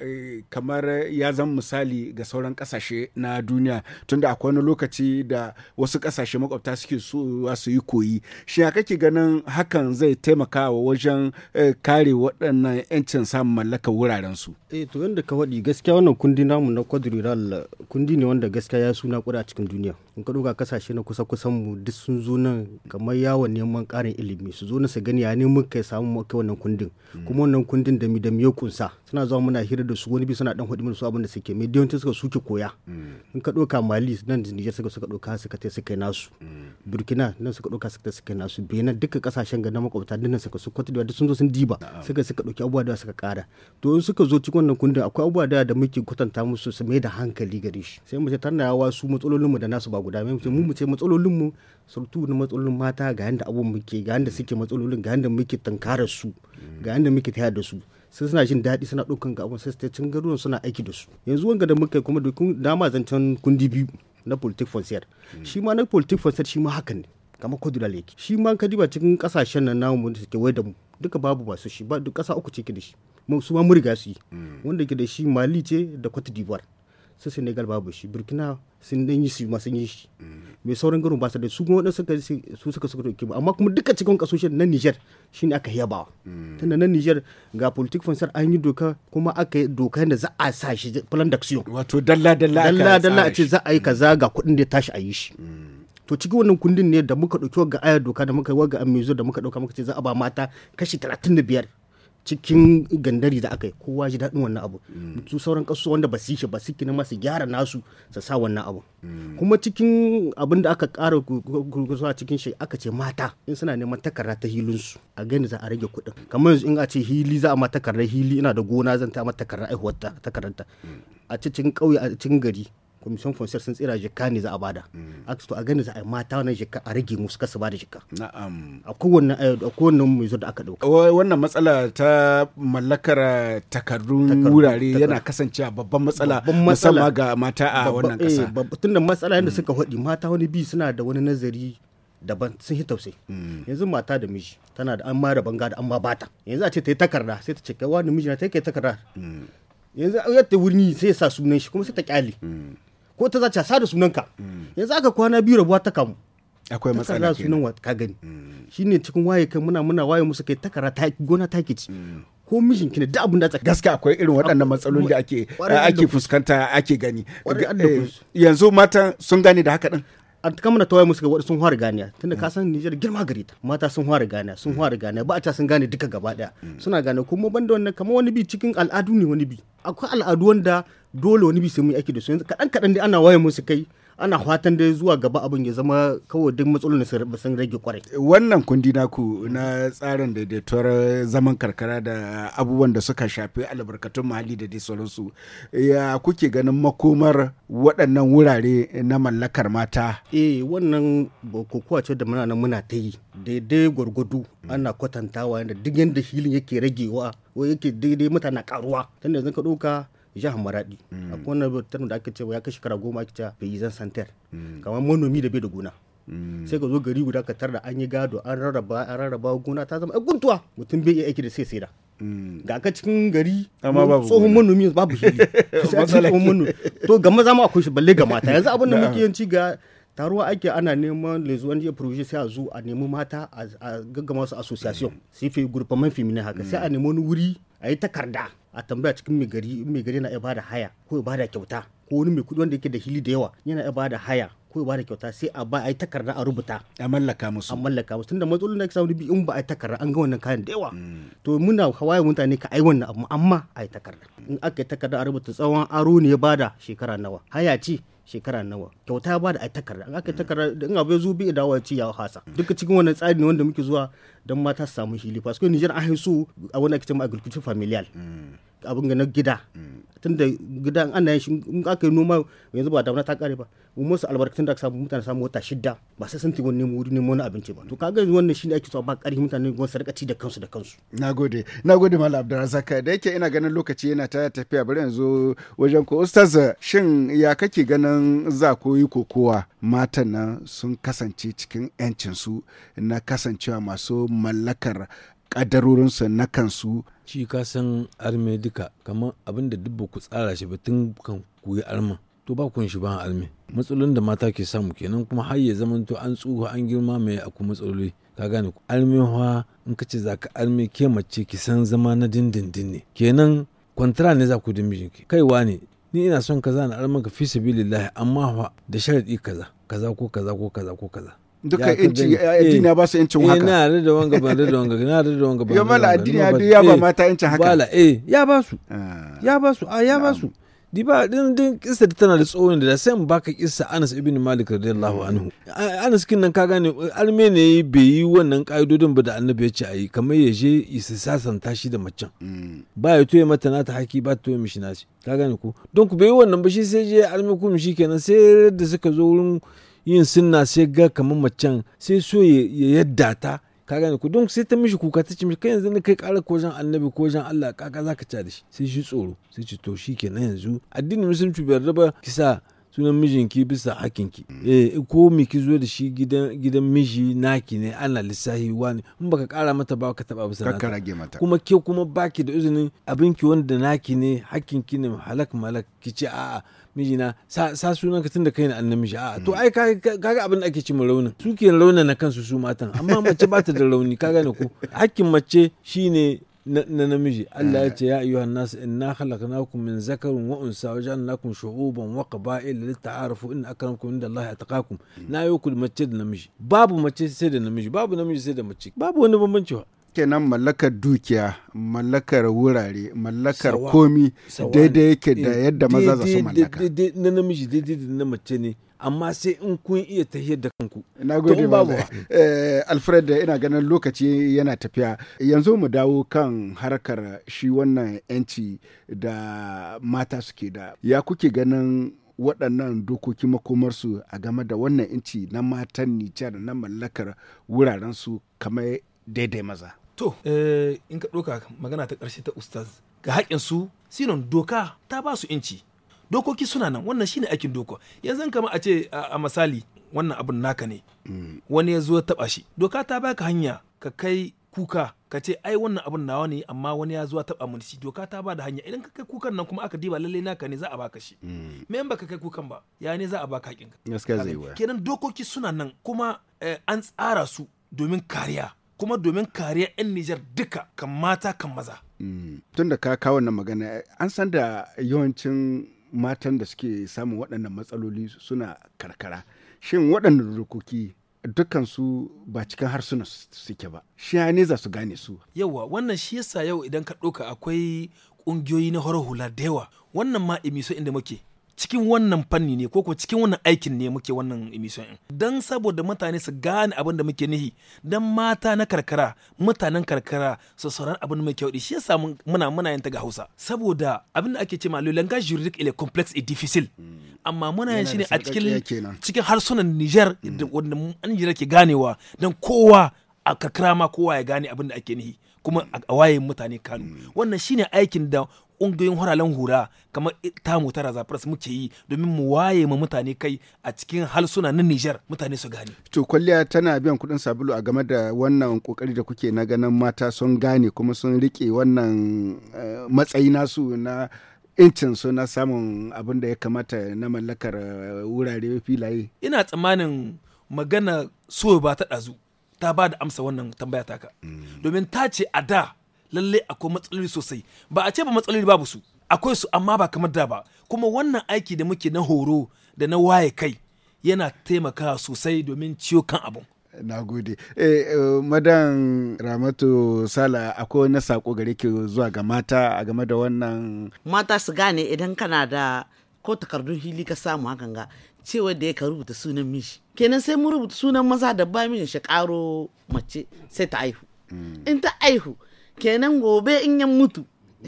Eh, kamar ya zama misali ga sauran kasashe na duniya tunda akwai wani lokaci da wasu kasashe makwabta suke so su yi koyi shi kake ganin hakan zai taimaka wa wajen eh, kare waɗannan 'yancin samun mallakar wuraren su eh to yanda ka waɗi gaskiya wannan kundi namu na quadrilateral kundi ne wanda gaskiya ya suna kuɗa cikin duniya in ka duka kasashe na kusa kusan mu duk sun zo nan kamar yawon neman ƙarin ilimi su zo na su gani ya ne muka samu maka wannan kundin hmm. kuma wannan kundin da mi da mi ya kunsa suna zuwa muna hira da su wani bi suna dan hudu su abin da suke mai diyonci suka suke koya mm. in ka doka mali nan nijar suka suka doka suka ta suka nasu mm. burkina nan suka doka suka ta suka nasu benin duka kasashen ga na makwabta dinnan suka su kwata da sun zo sun diba suka suka doki abubuwa da suka kara to in suka zo cikin wannan kundin akwai abubuwa da da muke kwatanta musu su mai da hankali gare shi sai mu ce yawa su matsalolinmu da nasu ba guda mu ce mu ce matsalolinmu surtu na matsalolin mata ga yanda abubuwan muke ga yanda suke matsalolin ga yanda muke tankara su mm. ga yanda muke tayar da su sai suna jin daɗi suna ɗaukan ga abun sai cin garuruwan suna aiki da su yanzu wanga da muka yi kuma da dama zancen kundi biyu na politik fonsiyar hmm. shi ma na politik fonsiyar shi ma hakan ne kamar kodulal yake shi ma ka diba cikin kasashen nan namu da suke wai da mu duka babu ba su shi ba duk ƙasa uku ke da shi su ma muriga su yi hmm. wanda ke da shi mali ce da cote d'ivoire su senegal babu shi burkina sun dan yi su ma sun yi shi mai sauran garin basa da su kuma wadanda suka su suka suka dauke ba amma kuma duka cikin kasoshin na Niger shine aka yaba tunda na Niger ga politik fansar an yi doka kuma aka yi doka yadda za a sa shi plan d'action wato dalla dalla dalla dalla a ce za a yi kaza ga kuɗin da ya tashi a yi shi to cikin wannan kundin ne da muka dauki ga ayar doka da muka ga amizo da muka dauka muka ce za a ba mata kashi 35 cikin gandari da aka yi kowa ji daɗin wannan abu su sauran kasu wanda ba su shi ba su kina masu gyara nasu su sa wannan abu mm. kuma cikin abin da aka ƙara gurgurzuwa cikin shi aka ce mata in suna neman takarda ta hilinsu a gani za a rage kuɗin kamar yanzu in a ce hili za a ma takarda hili ina da gona zan ta ma takarda aihuwar ta mm. a cikin ƙauye a cikin gari commission foncier sun tsira jikka ne za a bada mm. aka to a gani za a mata wannan jikka a rage musu kasu bada jikka na'am a kowanne eh, a kowanne mai zo da aka dauka wannan matsala ta mallakar takardun wurare yana kasancewa babban matsala musamman ga mata a wannan kasa eh, tunda matsala yadda mm. suka hodi mata wani bi suna da wani nazari daban sun hita tausayi mm. yanzu mata da miji tana da an ma da banga da an ma bata yanzu a ce ta yi takarda sai ta ce kai wani miji na ta yi takarda yanzu a yadda wurin sai ya sa sunan shi kuma sai ta kyale ko ta za ta sa da sunanka yanzu aka kwana biyu rabuwa ta kamu akwai matsala kenan sunan wa ka gani mm. shine cikin waye kai muna muna waye musu kai takara mm. ta gona ta kici ko mishin kina da abun da tsaka gaskiya akwai irin waɗannan matsaloli da ake ake fuskanta ake gani eh, yanzu matan sun gane da haka din a kama na tawaye musu waɗanda sun fara ganiya tunda ka san Nijar girma gari ta mata sun fara ganiya sun fara ganiya ba a ta sun gane duka gaba daya suna gane kuma banda wannan kamar wani bi cikin al'adu ne wani bi akwai al'adu wanda dole wani bi sai mu yi aiki da su kaɗan kaɗan dai ana waye musu kai ana fatan da zuwa gaba abin ya zama kawai duk matsalolin su sun rage kwarai wannan kundi naku na tsarin daidaituwar zaman karkara da abubuwan da suka shafi albarkatun muhalli da dai sauransu ya kuke ganin makomar waɗannan wurare na mallakar mata eh wannan kokowa ce da muna nan muna ta yi daidai gwargwado ana kwatantawa yadda duk yadda hilin yake ragewa ko yake daidai mutane karuwa tunda yanzu ka ɗauka jihar maradi a wannan term da aka ce ya kai shekara goma ake cewa zan santer mm. kamar manomi da bai da gona mm. sai ka zo gari guda ka tar da an yi gado an rarraba an rarraba gona ta zama eh, guntuwa mutum bai iya aiki da sai sai da mm. ga ka cikin gari tsohon manomi babu shi to ga maza ma akwai shi balle ga mata yanzu abin da muke yanci ga taruwa ake ana neman lezuwan ya proje sai a zo a nemi mata a gaggama su association sai fi gurfaman feminin haka sai a nemi wani wuri a yi takarda a tambaya cikin mai gari mai gari na iya bada haya ko ya bada kyauta ko wani mai kudi wanda yake da hili da yawa yana iya bada haya ko ya bada kyauta sai a ba a yi takarda a rubuta a mallaka musu a mallaka musu tunda matsalolin da ake samu bi in ba a yi takarda an ga wannan kayan da yawa mm. to muna hawaye mutane ka ai wannan amma a yi takarda in aka yi takarda a rubuta tsawon aro ne ya bada shekara nawa haya ce shekara nawa kyauta ba da ai takarda an aka takarda da in abu ya zo bi dawo ya ci ya hasa duka cikin wannan tsari ne wanda muke zuwa don mata su samu hili fa su Niger an haisu a wani ake cewa agriculture familial mm. abin ga na gida tunda gidan ana yin shi in aka yi noma yanzu ba damuna ta kare ba mu musu albarkatun da samu mutane samu wata shida ba sai sun tigo nemo wuri nemo abinci ba to kaga wannan shine ake so ba karfi mutane gon sarkaci da kansu da kansu nagode nagode malam abdurrazak da yake ina ganin lokaci yana ta tafiya bari yanzu wajen ko ustaz shin ya kake ganin za ko yi kokowa matan nan sun kasance cikin yancin su na kasancewa masu mallakar kadarorinsu na kansu shi ka san arme duka kamar abin da duk ku tsara shi ba tun kan ku yi armin to ba kun shi ba arme matsalolin da mata ke samu kenan kuma har ya zama to an tsuhu an girma mai akwai matsaloli ka gane ku arme hwa in ka ce za ka arme ke mace ki san zama na dindindin ne kenan kwantara ne za ku da mijinki kaiwa ne ni ina son kaza na ka fi sabilillahi amma hwa. da sharadi kaza kaza ko kaza ko kaza ko kaza duka yanci addini ya eh. ba su yancin eh, haka na yarda da wanga ba da wanga na yarda da wanga ba ya mala addini ya ba mata yancin haka wala eh ya ba su ah. ya ba su a ah, ya ba su di ba din din kissa tana da tsohon da sai mu baka kissa Anas ibn Malik radiyallahu mm. anhu Anas kin nan ka gane almene bai yi wannan kaidodin ba da annabi ya ce ayi kamar ya je isa sasan shi da macen mm. ba ya toye mata nata haki ba toye mishi nashi ka gane ko don ku bai yi wannan ba shi sai je almi mishi shi kenan sai da suka zo wurin yin sunna sai ga kamar macen sai so ya yadda ta ka gane ku don sai ta mishi kuka ta ce mishi kai yanzu ne kai ƙara ko jan annabi ko jan Allah kaka zaka ci da shi sai shi tsoro sai ci to shi kenan yanzu addinin musulunci bai raba kisa sunan mijinki bisa ki eh ko mi ki zo da shi gidan gidan miji naki ne ana lissahi wani in baka kara mata ba ka taba bisa ka rage mata kuma ke kuma baki da izinin abinki wanda naki ne ki ne halak malak ki ce a'a mijina sa, sa sunan hmm. ka tun da kai na a to ai kaga abin da ake cima raunin su ke raunin na kansu su matan amma mace ba ta da rauni ka gane ko hakkin mace shine na namiji Allah ya ce ya ayyuha nas inna khalaqnakum min zakarin wa unsa wa ja'alnakum shu'uban wa qaba'ila lita'arafu inna akramakum indallahi atqakum hmm. na yau mace da namiji babu mace sai da namiji babu namiji sai da mace babu wani bambanci kenan mallakar dukiya mallakar wurare mallakar komi daidai yake da eh, yadda maza za su mallaka na namiji daidai da na mace ne amma sai in kun iya tahiyar da kanku na gode ba eh, alfred ina ganin lokaci yana tafiya yanzu mu dawo kan harkar shi wannan yanci da mata suke da ya kuke ganin waɗannan dokoki makomarsu a game da wannan yanci na matan nijar na mallakar su kamar daidai maza to eh, in ka ɗauka magana ta ƙarshe ta ustaz ga haƙƙinsu sinon doka ta ba su inci dokoki suna nan wannan shine aikin doka yanzu kama a ce a misali wannan abin naka ne mm. wani ya zo ya taɓa shi doka ta baka hanya ka kai kuka ka ce ai wannan abin nawa ne amma wani ya zuwa taɓa mun shi doka ta ba da hanya idan ka kai kukan nan kuma aka diba lallai naka ne za a baka shi mm. me in baka kai kukan ba ya ne za a baka hakinka zai kenan dokoki suna nan kuma eh, an tsara su domin kariya kuma domin kariya 'yan Nijar duka kan mata kan maza. Mm. Tun da ka kawo wannan magana an san da yawancin matan da suke samun waɗannan matsaloli suna karkara. Shin waɗannan dukkan dukansu ba cikin harsuna suke ba shi ne za su gane su yawa wannan shi yasa yau idan ka ɗauka akwai ƙungiyoyi na horar hula da yawa wannan ma imiso inda muke cikin wannan fanni ne ko ko cikin wannan aikin ne muke wannan emission din don saboda mutane su gane abin da muke nihi don mata na karkara mutanen karkara su sauran abin da muke shi yasa muna muna yin ta ga Hausa saboda abin da ake cewa le langage juridique il est complexe et difficile hmm. amma muna yin shi ne a cikin cikin harsunan Niger hmm. wanda an jira ke ganewa don kowa a karkara ma kowa ya gane abin da ake nihi kuma a waye mutane kanu hmm. wannan shine aikin da ƙungiyoyin horalen hura kamar tamu ta raza press muke yi domin mu waye ma mutane kai a cikin halsuna na Nijar mutane su gane. To kwalliya tana biyan kuɗin sabulu a game da wannan kokari da kuke na ganin mata sun gane kuma sun rike wannan eh, matsayi nasu na incin su na samun abin da ya kamata na mallakar eh, wurare filaye. Ina tsammanin magana so ba ta ɗazu ta ba da amsa wannan tambaya taka. Mm. Domin ta ce a da lalle akwai matsaloli sosai ba a ce ba matsaloli babu su akwai su amma ba kamar da ba kuma wannan aiki da muke na horo da na waye kai yana taimakawa sosai domin ciwo kan abun na gode eh, eh madan ramatu sala akwai wani sako gare ke zuwa ga mata a game da wannan mata su gane idan kana da ko takardun hili ka samu hakan ga cewa da ya ka rubuta sunan mishi kenan sai mu rubuta sunan maza da ba mishi shi karo mace sai ta aihu mm. in ta aihu kenan gobe in yan mutu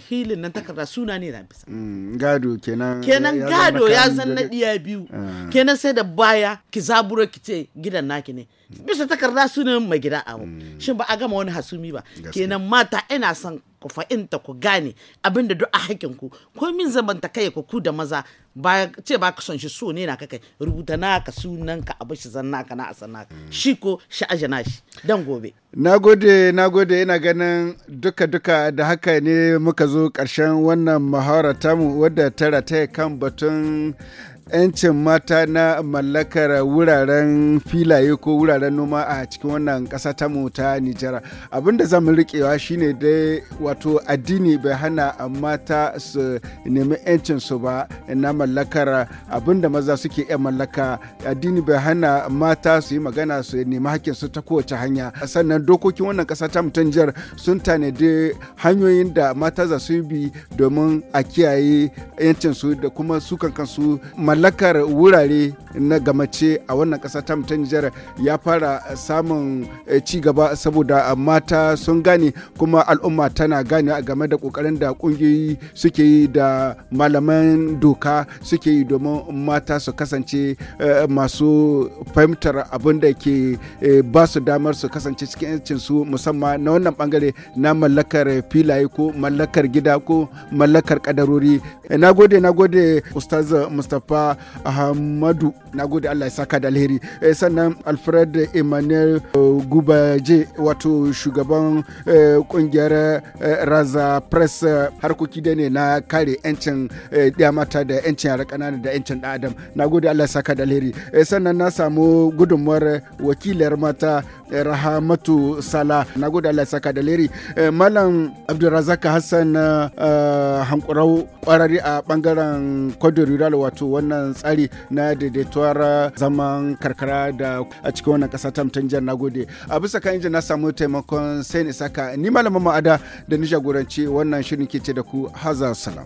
hilin nan takarda suna ne na bisa. Mm, gado kenan. Kenan gado ya san na ɗiya biyu. Ah. Kenan sai da baya ki zaburo ki ce gidan naki ne. Bisa takarda sunan mai gida abu. Mm. Shin ba a gama wani hasumi ba. Kenan mata ina son ku fahimta ku gane abin da duk a hakin ku ko min zaman ta kai ku da maza ba ce ba ka son shi so ne na kai rubuta na ka sunan ka abu shi zanna ka na asana shi ko shi ajana shi dan gobe nagode nagode ina ganin duka duka da haka ne muka zo karshen wannan muhawara tamu wadda ta rataya kan batun 'yancin mata na mallakar wuraren filaye ko wuraren noma a cikin wannan ƙasa ta mu ta Nijar. abinda zamu rikewa shine dai wato addini bai hana mata su nemi 'yancin su ba na mallakar abinda maza suke 'yan mallaka. Addini bai hana mata su yi magana su nemi hakkin su ta kowace hanya. Sannan dokokin wannan ƙasa ta mu ta Nijar sun tanadi hanyoyin da mata za su bi domin a kiyaye 'yancin su da kuma su su. mallakar wurare na gamace a wannan kasa ta ta Nijar ya fara samun eh, ci gaba saboda eh, mata sun gane kuma al'umma tana gane a game da ƙoƙarin da kungiyoyi suke yi da malaman doka suke yi domin mata su kasance eh, masu fahimtar abin da ke ba su damar su kasance cikin su musamman na wannan bangare na mallakar filaye ko mallakar gida ko mallakar kadarori na gode na gode ustaz mustapha Ahmadu na gode Allah ya saka da alheri eh, sannan Alfred Emmanuel Gubaje wato shugaban eh, kungiyar eh, Raza Press harkoki da ne na kare 'yancin ɗaya mata da 'yancin yara kanana da 'yancin ɗan adam na gode Allah ya saka da alheri sannan na samu gudunmuwar wakilar mata Rahamatu Sala na gode Allah ya saka da alheri Malam Abdulrazak Hassan Hankurau kwarari a bangaren Kwadon Rural wato wannan wannan tsari na daidaituwar uh, zaman karkara da a cikin wannan kasa ta mutan jihar nagode a bisa kan injin na samu taimakon sai ni ni malamin ma'ada da ni jagoranci wannan shirin ke ce da ku haza salam.